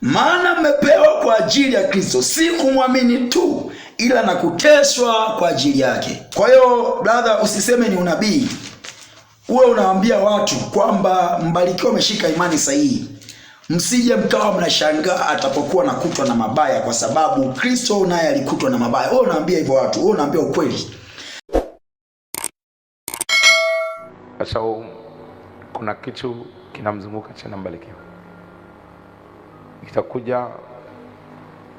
maana mmepewa kwa ajili ya Kristo, si kumwamini tu, ila na kuteswa kwa ajili yake. Kwa hiyo brother, usiseme ni unabii, uwe unawaambia watu kwamba mbarikiwa ameshika imani sahihi. Msije mkawa mnashangaa atapokuwa nakutwa na mabaya, kwa sababu Kristo naye alikutwa na mabaya. Wewe unaambia hivyo watu, wewe unaambia ukweli. Sasa kuna kitu kinamzunguka tena Mbarikiwa itakuja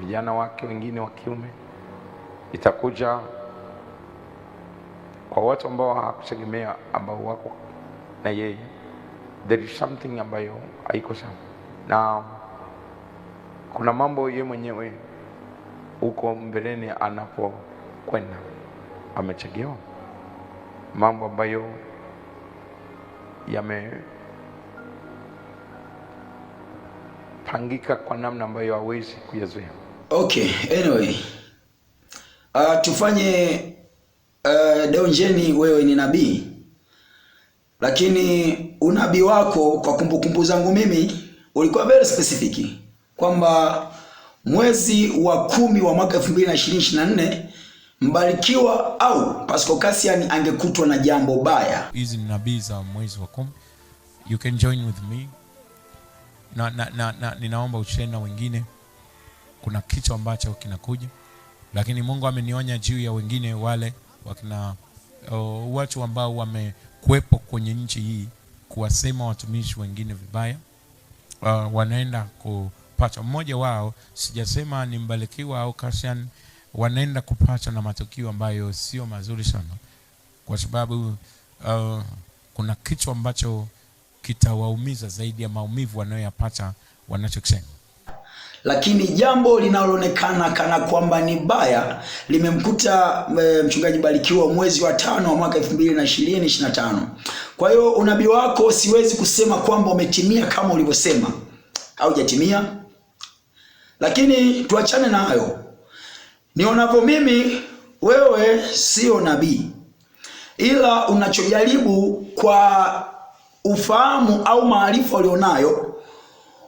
vijana wake wengine wa kiume, itakuja kwa watu ambao hakutegemea ambao wako na yeye, there is something ambayo haiko sawa, na kuna mambo yeye mwenyewe huko mbeleni anapokwenda amechegewa mambo ambayo yame yatapangika kwa namna ambayo hawezi kuyazoea. Okay, anyway. Uh, tufanye uh, eh, Deonjeni, wewe ni nabii, lakini unabii wako kwa kumbukumbu kumbu zangu mimi ulikuwa very specific kwamba mwezi wa kumi wa mwaka 2024 Mbarikiwa au Pascal Cassian angekutwa na jambo baya. Hizi ni nabii za mwezi wa kumi. You can join with me na, na, na, na, ninaomba ushare na wengine. Kuna kitu ambacho kinakuja, lakini Mungu amenionya juu ya wengine wale wakina uh, watu ambao wamekuwepo kwenye nchi hii kuwasema watumishi wengine vibaya. Uh, wanaenda kupata mmoja wao, sijasema ni Mbarikiwa au Kasian, wanaenda kupata na matukio ambayo sio mazuri sana, kwa sababu uh, kuna kitu ambacho kitawaumiza zaidi ya maumivu wanayoyapata wanachokisema. Lakini jambo linaloonekana kana kwamba ni baya limemkuta e, mchungaji Barikiwa mwezi wa tano wa mwaka 2020 25. Kwa hiyo unabii wako siwezi kusema kwamba umetimia kama ulivyosema, jatimia, lakini tuachane na hayo. Nionapo mimi, wewe sio nabii, ila unachojaribu kwa ufahamu au maarifa ulionayo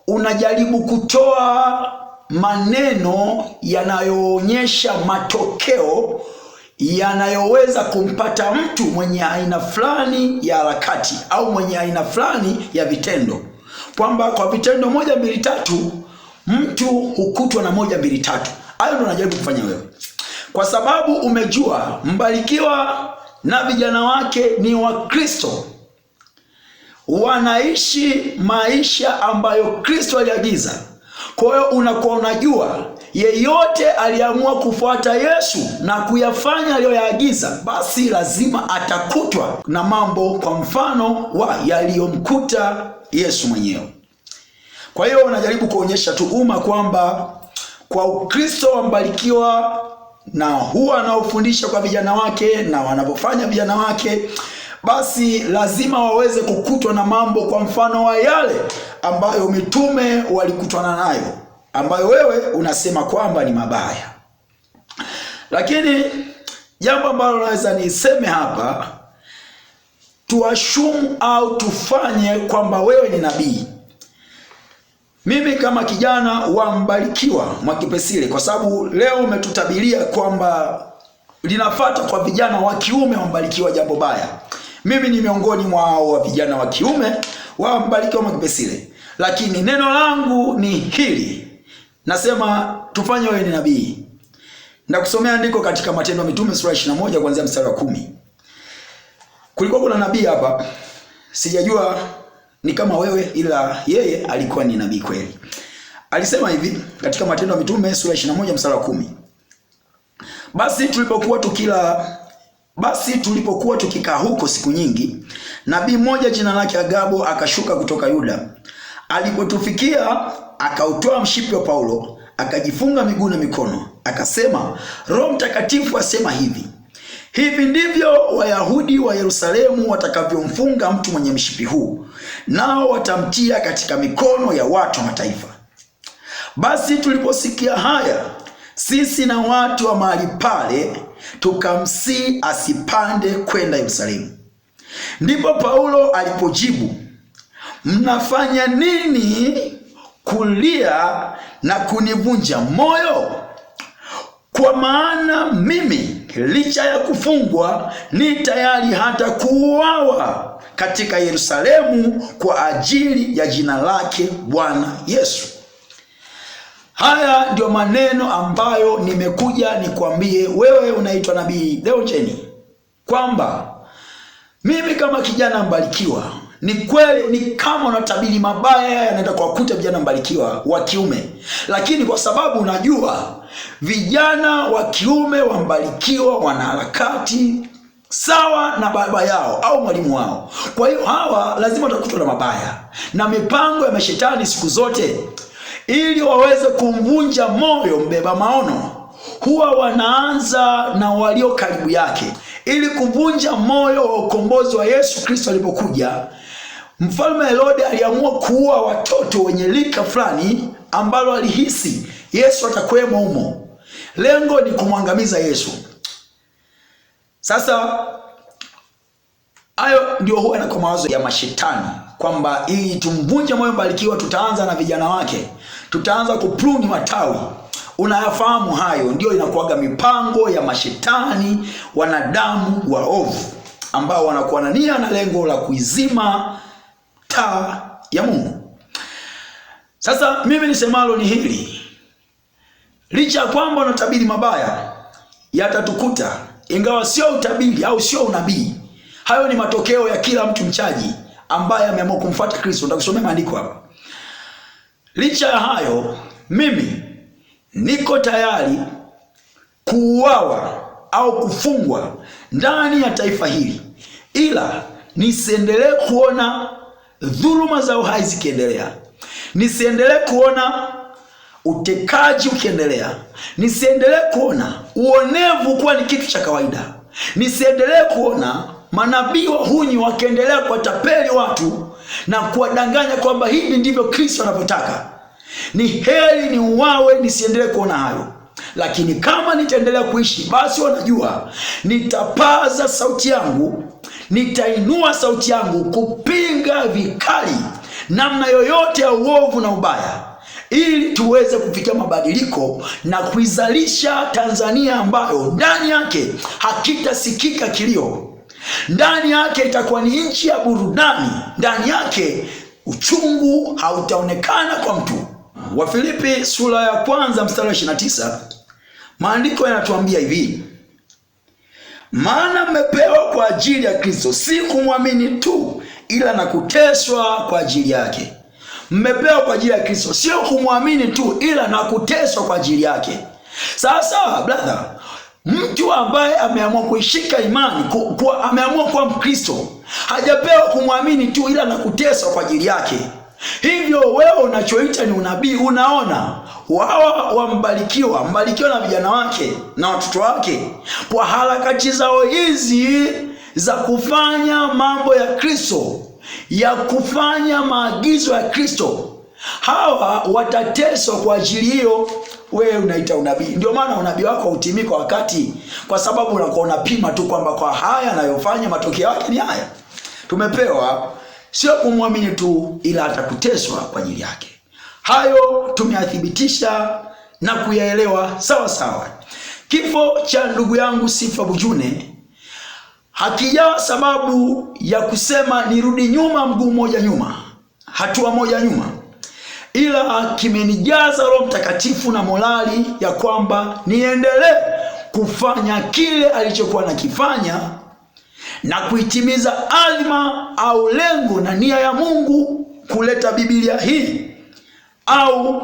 unajaribu kutoa maneno yanayoonyesha matokeo yanayoweza kumpata mtu mwenye aina fulani ya harakati au mwenye aina fulani ya vitendo, kwamba kwa vitendo moja mbili tatu mtu hukutwa na moja mbili tatu. Hayo ndo unajaribu kufanya wewe, kwa sababu umejua Mbarikiwa na vijana wake ni Wakristo wanaishi maisha ambayo Kristo aliagiza. Kwa hiyo unakuwa unajua yeyote aliamua kufuata Yesu na kuyafanya aliyoyaagiza, basi lazima atakutwa na mambo kwa mfano wa yaliyomkuta Yesu mwenyewe. Kwa hiyo wanajaribu kuonyesha tu umma kwamba kwa Ukristo wambarikiwa na huwa anaofundisha kwa vijana wake na wanavyofanya vijana wake basi lazima waweze kukutwa na mambo kwa mfano wa yale ambayo mitume walikutana nayo, ambayo wewe unasema kwamba ni mabaya. Lakini jambo ambalo naweza niseme hapa, tuashum au tufanye kwamba wewe ni nabii. Mimi kama kijana wa Mbarikiwa Mwakipesile, kwa sababu leo umetutabiria kwamba linafata kwa vijana wa kiume wa Mbarikiwa jambo baya mimi ni miongoni mwa hao wa vijana wa kiume wambarikiwa Mwakipesile, lakini neno langu ni hili, nasema tufanye wewe ni nabii. Nakusomea andiko katika Matendo ya Mitume sura moja kuanzia mstari wa kumi. Kulikuwa kuna nabii hapa, sijajua ni kama wewe, ila yeye alikuwa ni nabii kweli. Alisema hivi katika Matendo ya Mitume sura moja mstari wa kumi, basi tulipokuwa tukila basi tulipokuwa tukikaa huko siku nyingi, nabii mmoja jina lake Agabo akashuka kutoka Yuda. Alipotufikia akautoa mshipi wa Paulo, akajifunga miguu na mikono, akasema, Roho Mtakatifu asema hivi, hivi ndivyo Wayahudi wa Yerusalemu watakavyomfunga mtu mwenye mshipi huu, nao watamtia katika mikono ya watu wa mataifa. Basi tuliposikia haya sisi na watu wa mahali pale tukamsii asipande kwenda Yerusalemu. Ndipo Paulo alipojibu, mnafanya nini kulia na kunivunja moyo? Kwa maana mimi licha ya kufungwa ni tayari hata kuuawa katika Yerusalemu kwa ajili ya jina lake Bwana Yesu. Haya ndio maneno ambayo nimekuja nikwambie wewe unaitwa nabii Theogeni kwamba mimi kama kijana Mbarikiwa, ni kweli ni kama unatabiri mabaya yanaenda kuwakuta vijana Mbarikiwa wa kiume, lakini kwa sababu unajua vijana wa kiume wa Mbarikiwa wana harakati sawa na baba yao au mwalimu wao. Kwa hiyo hawa lazima watakutwa na mabaya na mipango ya mashetani siku zote ili waweze kumvunja moyo mbeba maono. Huwa wanaanza na walio karibu yake ili kuvunja moyo wa ukombozi wa Yesu Kristo alipokuja. Mfalme Herode aliamua kuua watoto wenye lika fulani ambalo alihisi Yesu atakwemo humo. Lengo ni kumwangamiza Yesu. Sasa hayo ndio huwa kwa mawazo ya mashetani kwamba ili tumvunje moyo Mbarikiwa, tutaanza na vijana wake, tutaanza kupruni matawi. Unayafahamu hayo, ndiyo inakuwaga mipango ya mashetani, wanadamu waovu ambao wanakuwa na nia na lengo la kuizima taa ya Mungu. Sasa mimi nisemalo ni hili, licha ya kwamba unatabiri mabaya yatatukuta, ingawa sio utabiri au sio unabii, hayo ni matokeo ya kila mtu mchaji ambaye ameamua kumfuata Kristo. Nitakusomea maandiko hapa. Licha ya hayo, mimi niko tayari kuuawa au kufungwa ndani ya taifa hili, ila nisiendelee kuona dhuluma za uhai zikiendelea, nisiendelee kuona utekaji ukiendelea, nisiendelee kuona uonevu kuwa ni kitu cha kawaida, nisiendelee kuona manabii wahunyi wakiendelea kuwatapeli watu na kuwadanganya kwamba hivi ndivyo Kristo anavyotaka. Ni heri ni uwawe, nisiendelee kuona hayo, lakini kama nitaendelea kuishi, basi wanajua nitapaza sauti yangu, nitainua sauti yangu kupinga vikali namna yoyote ya uovu na ubaya ili tuweze kufikia mabadiliko na kuizalisha Tanzania ambayo ndani yake hakitasikika kilio ndani yake itakuwa ni nchi ya burudani, ndani yake uchungu hautaonekana kwa mtu. Wafilipi sura ya kwanza mstari wa 29, maandiko yanatuambia hivi, maana mmepewa kwa ajili ya Kristo si kumwamini tu, ila na kuteswa kwa ajili yake. Mmepewa kwa ajili ya Kristo, sio kumwamini tu, ila na kuteswa kwa ajili yake. Sawa sawa, brother Mtu ambaye ameamua kuishika imani ku, ku, ameamua kuwa Mkristo hajapewa kumwamini tu, ila na kuteswa kwa ajili yake. Hivyo wewe unachoita ni unabii, unaona wawa wambarikiwa, mbarikiwa na vijana wake na watoto wake, kwa harakati zao hizi za kufanya mambo ya Kristo, ya kufanya maagizo ya Kristo, hawa watateswa kwa ajili hiyo wewe unaita unabii. Ndio maana unabii wako hautimii kwa wakati, kwa sababu unakuwa unapima tu kwamba kwa haya anayofanya matokeo yake ni haya. Tumepewa sio kumwamini tu, ila hata kuteswa kwa ajili yake. Hayo tumeyathibitisha na kuyaelewa sawa sawa. Kifo cha ndugu yangu Sifa Bujune hakijawa sababu ya kusema nirudi nyuma mguu mmoja nyuma, hatua moja nyuma ila kimenijaza Roho Mtakatifu na morali ya kwamba niendelee kufanya kile alichokuwa nakifanya na kuitimiza azma au lengo na nia ya Mungu kuleta Biblia hii au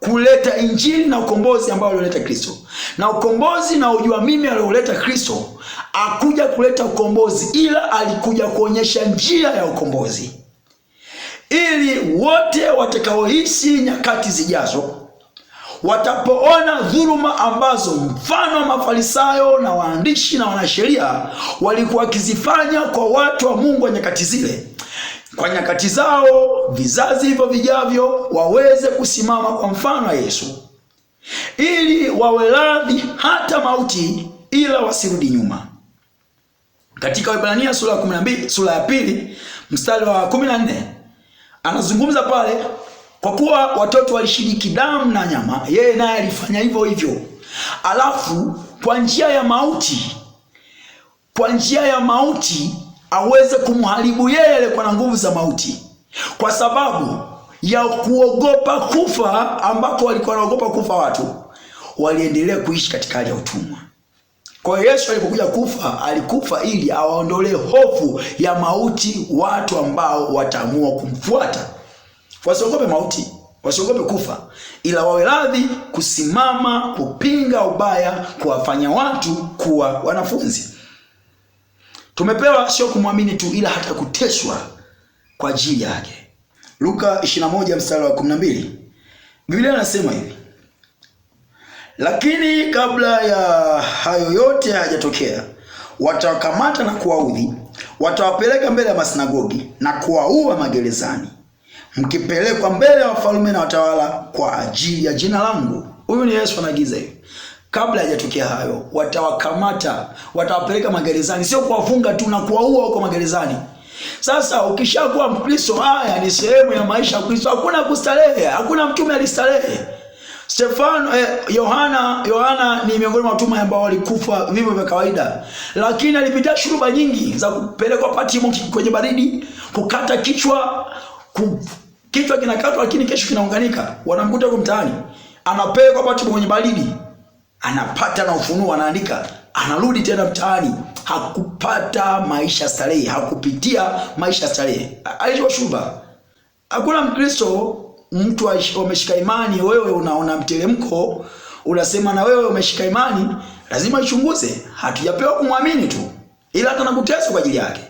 kuleta injili na ukombozi ambao alioleta Kristo. Na ukombozi na ujua mimi alioleta Kristo akuja kuleta ukombozi, ila alikuja kuonyesha njia ya ukombozi ili wote watakaoishi nyakati zijazo watapoona dhuluma ambazo mfano wa Mafarisayo na waandishi na wanasheria walikuwa wakizifanya kwa watu wa Mungu wa nyakati zile, kwa nyakati zao, vizazi hivyo vijavyo waweze kusimama kwa mfano wa Yesu, ili wawe radhi hata mauti, ila wasirudi nyuma. Katika Waebrania sura ya 12 sura ya pili mstari wa 14 anazungumza pale, kwa kuwa watoto walishiriki damu na nyama, yeye naye alifanya hivyo hivyo. Alafu kwa njia ya mauti, kwa njia ya mauti aweze kumharibu yeye kwa na nguvu za mauti, kwa sababu ya kuogopa kufa ambako walikuwa wanaogopa kufa watu waliendelea kuishi katika hali ya utumwa. Kwa hiyo Yesu alipokuja kufa, alikufa ili awaondolee hofu ya mauti watu ambao wataamua kumfuata. Wasiogope mauti, wasiogope kufa, ila wawe radhi kusimama kupinga ubaya, kuwafanya watu kuwa wanafunzi. Tumepewa sio kumwamini tu, ila hata kuteshwa kwa ajili yake. Luka 21 mstari wa 12, Biblia inasema hivi lakini kabla ya hayo yote hayajatokea, watawakamata na kuwaudhi, watawapeleka mbele ya masinagogi na kuwaua magerezani, mkipelekwa mbele ya wafalme na watawala kwa ajili ya jina langu. Huyu ni Yesu anaagiza hiyo. Kabla hajatokea hayo, watawakamata watawapeleka magerezani, sio kuwafunga tu na kuwaua huko magerezani. Sasa ukishakuwa Mkristo, haya ni sehemu ya maisha ya Kristo. Hakuna kustarehe, hakuna mtume alistarehe. Stefano eh, Yohana Yohana ni miongoni mwa watume ambao walikufa vivyo vya kawaida, lakini alipitia shuruba nyingi za kupelekwa Patimo kwenye baridi, kukata kichwa ku, kichwa kinakatwa lakini kesho kinaunganika, wanamkuta huko mtaani, anapelekwa Patimo kwenye baridi, anapata na ufunuo, anaandika, anarudi tena mtaani. Hakupata maisha starehe, hakupitia maisha starehe, alichoshuba. Hakuna Mkristo mtu ameshika imani, wewe unaona mteremko, unasema na wewe umeshika imani, lazima ichunguze. Hatujapewa kumwamini tu, ila hata nakuteswa kwa ajili yake,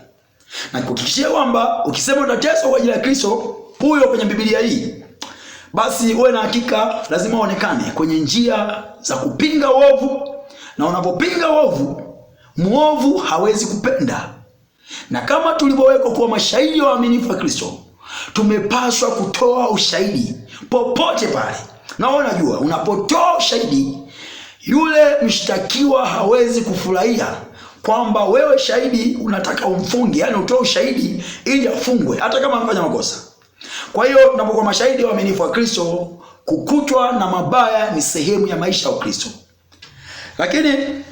na kuhakikishia kwamba ukisema utateswa kwa ajili ya Kristo huyo kwenye Biblia hii, basi uwe na hakika, lazima uonekane kwenye njia za kupinga uovu, na unapopinga uovu, muovu hawezi kupenda, na kama tulivyowekwa kuwa mashahidi wa waaminifu wa Kristo tumepaswa kutoa ushahidi popote pale. Na unajua unapotoa ushahidi, yule mshtakiwa hawezi kufurahia kwamba wewe shahidi unataka umfunge, yani utoe ushahidi ili afungwe, hata kama amefanya makosa. Kwa hiyo tunapokuwa mashahidi waaminifu wa Kristo, kukutwa na mabaya ni sehemu ya maisha ya Kristo. Lakini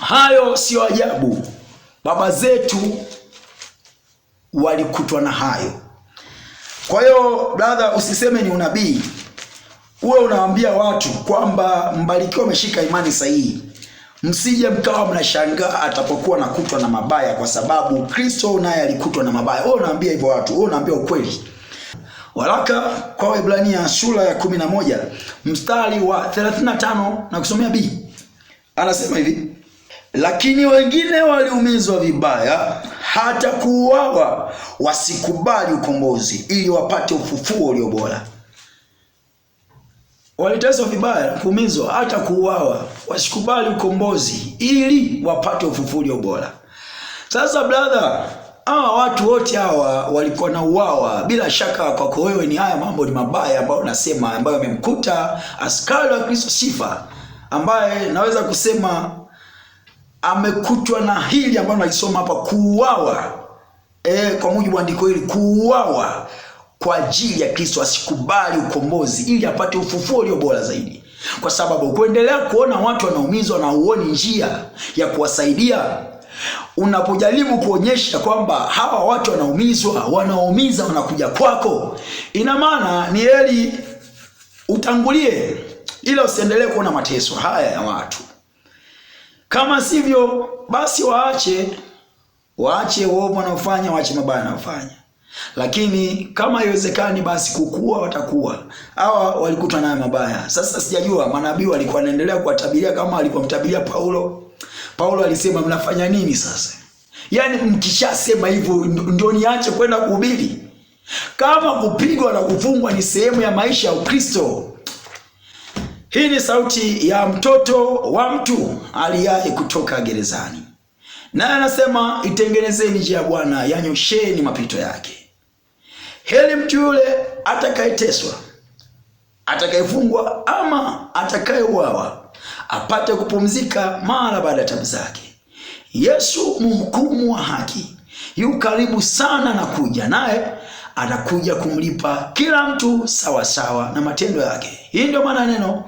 hayo siyo ajabu, baba zetu walikutwa na hayo. Kwa hiyo bratha usiseme ni unabii, uwe unawaambia watu kwamba Mbarikiwa ameshika imani sahihi. Msije mkawa mnashangaa atapokuwa nakutwa na mabaya, kwa sababu Kristo naye alikutwa na mabaya. Wewe unaambia hivyo watu, wewe unaambia ukweli. Waraka kwa Waebrania sura ya 11 mstari wa 35 na kusomea B anasema hivi lakini wengine waliumizwa vibaya hata kuuawa, wasikubali ukombozi ili wapate ufufuo ulio bora. Waliteswa vibaya, kuumizwa, hata kuuawa, wasikubali ukombozi ili wapate ufufuo ulio bora. Sasa brother, hawa watu wote hawa walikuwa na uawa bila shaka. Kwako wewe ni haya mambo ni mabaya ambayo nasema, ambayo amemkuta askari wa Kristo Sifa, ambaye naweza kusema amekutwa na hili ambalo naisoma hapa, kuuawa e, kwa mujibu wa andiko hili, kuuawa kwa ajili ya Kristo, asikubali ukombozi ili apate ufufuo ulio bora zaidi, kwa sababu kuendelea kuona watu wanaumizwa na huoni njia ya kuwasaidia unapojaribu kuonyesha kwamba hawa watu wanaumizwa, wanaumiza, wanakuja kwako, ina maana ni heri utangulie, ila usiendelee kuona mateso haya ya watu. Kama sivyo basi waache waache uovu wanaofanya, waache mabaya wanaofanya. Lakini kama haiwezekani, basi kukua watakuwa. Hawa walikuta nayo mabaya. Sasa sijajua manabii walikuwa wanaendelea kuwatabiria kama walivyomtabiria Paulo. Paulo alisema mnafanya nini sasa? Yaani mkishasema hivyo ndio niache kwenda kuhubiri? Kama kupigwa na kufungwa ni sehemu ya maisha ya Ukristo, hii ni sauti ya mtoto wa mtu aliyaye kutoka gerezani, naye anasema itengenezeni njia ya Bwana, yanyosheni mapito yake. heli mtu yule atakayeteswa, atakayefungwa ama atakayeuawa, apate kupumzika mara baada ya tabu zake. Yesu mhukumu wa haki yu karibu sana na kuja naye anakuja kumlipa kila mtu sawasawa na matendo yake. Hii ndio maana neno